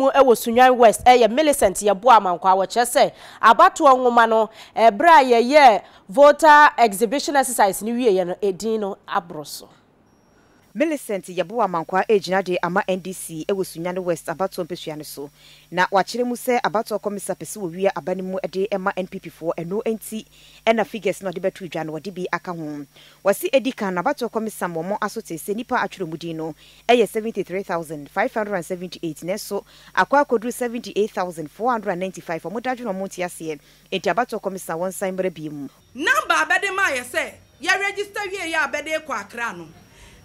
mu wɔ sunwan west yɛ millicent yɛboa amanko a wɔkyerɛ sɛ abatoɔ nwoma no ɛberɛ a yɛyɛ voter exhibition exercise no wieɛ no ɛdin no aborɔ Millicent Yaboa Mankwa egyina de ama NDC ɛwɔ Sunyane West abatoɔ mpɛsua no so na wakyerɛ mu sɛ abatoɔ kɔmisa pɛ sɛ wɔwia aba no mu de ma NPP foɔ ɛno nti ɛna figures no ɔde bɛto dwa no wɔde bi aka ho wɔsi edi kan na abatoɔ kɔmisa mmɔmɔ aso te sɛ nipa atwerɛmudin no ɛyɛ seventy three thousand five hundred and seventy eight na ɛso akɔ seventy eight thousand four hundred ninety five ɔmo dadwe na ɔmo te aseɛ nti abatoɔ kɔmisa wɔn san mmerɛ bi mu. namba abɛde maa sɛ yɛ register wie yɛ abɛde kɔ akra no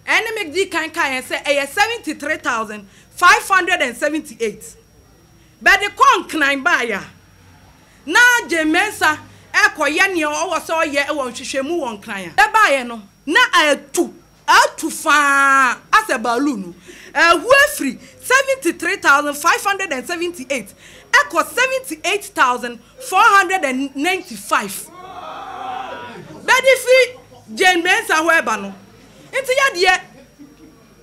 ɛne di kan kan yɛn sɛ ɛyɛ seventy three thousand five hundred and seventy eight bɛde kɔn kran ya. na gyemensa ɛkɔyɛ nea ɔwɔ sɛ ɔyɛ ɛwɔ nhwehwɛmu wɔ nkran a ɛbaayɛ no na ɛtu ɛtu faa asɛ baalu no ɛhu efiri seventy three thousand five hundred and seventy eight ɛkɔ seventy eight thousand four hundred and ninety five bɛde fi gyemensa hɔ ɛba no nti yadeɛ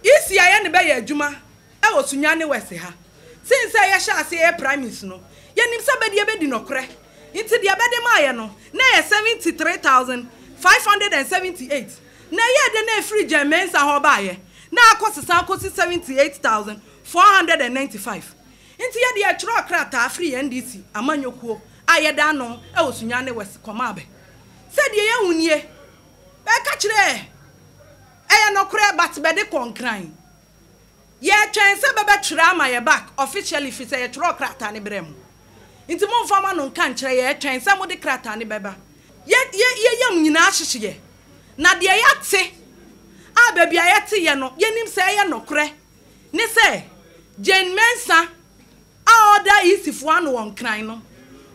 isi a yɛne bɛyɛ adwuma ɛwɔ sunya ne wɛsi ha sin sɛ yɛhyɛ ase yɛ primis no yɛnim sɛ bɛdeɛ bɛdi nɔkorɛ nti deɛ bɛde maa yɛ no na yɛ seventy three thousand five hundred and seventy eight na yɛ de na efiri germansa hɔ baayɛ na akɔ sisan akɔsi seventy eight thousand four hundred and ninety five nti yɛ deɛ twerɛ krataa firi ndc amanyokuo a yɛda ano ɛwɔ sunya ne wɛsi kɔmaa bɛ sɛdeɛ yɛhu nie. but bɛde kɔnkran yɛtwɛn sɛ bɛbɛtwerɛ ama yɛ back officially fi sɛ yɛtwerɛ krataa ne berɛ mu nti momfa ma no nka nkyerɛ yɛtwɛn sɛ mode krataa ne bɛba yɛyam nyinaa hyehyeɛ na deɛ yɛate a baabi a yɛte yɛ no yɛnim sɛ ɛyɛ nokorɛ ne sɛ jane mensa a ɔda isifoɔ ano wɔ nkran no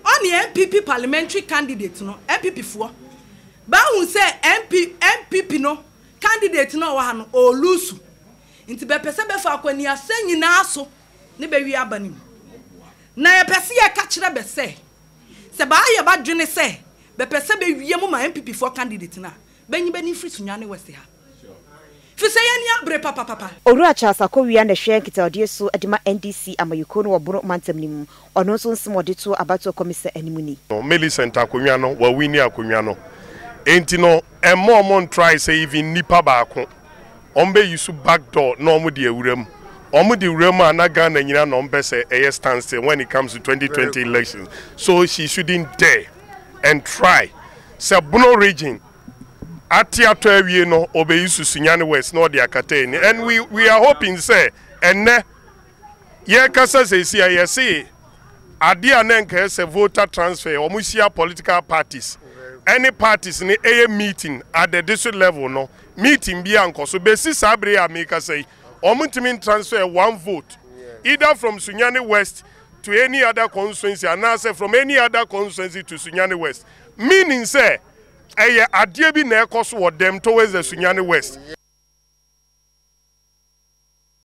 ɔne MPP parliamentary candidate no npp foɔ baahu sɛ MPP, no candidate na ɔwɔ ha no olusu nti bɛpɛ sɛ bɛfa akɔniasɛ nyinaa so ne bɛwi aba ne mu na yɛpɛ sɛ yɛka kyerɛ bɛ sɛ sɛ baa yɛ ba dwene sɛ bɛpɛ sɛ bɛwie mu ma npp foɔ candidate no a bɛnyi bɛni firi sunya ha fisɛ yɛn ni abere papapapa. owurɔ charles akowia na ɛhwɛ nkitadeɛ so de ma ndc amayiko no wɔboro mantam no mu ɔno nso nsɛm ɔde to abatoɔ kɔmisa anim ni. meli center akonnwa no wawi ne akonnwa no nti no ɛmma ɔmo ntrae sɛ even nipa baako ɔmo bɛyi so back door na ɔmo di awura mu ɔmo de awura mu a na ghana nyinaa na ɔmo bɛ sɛ ɛyɛ standstill when it comes to 2020 elections so she shouldn't dare and try sɛ bono region ate atɔ awie no ɔbɛyi susunyane west na ɔde akata ani and we we are hoping sɛ ɛnɛ yɛkasa sɛsi a yɛse adeɛ a na nkɛɛ sɛ voter transfer ɔmo hyia political parties. Mm any parties ne ɛyɛ meeting at the district level no meeting bi ankɔ so besi saa bere a mekasa yi wɔn ntumi transfer one vote either from sunyani west to any other constituency anaasɛ from any other constituency to sunyani west meaning say, ɛyɛ adeɛ bi na ɛkɔ so wɔ dem towards the sunyani west.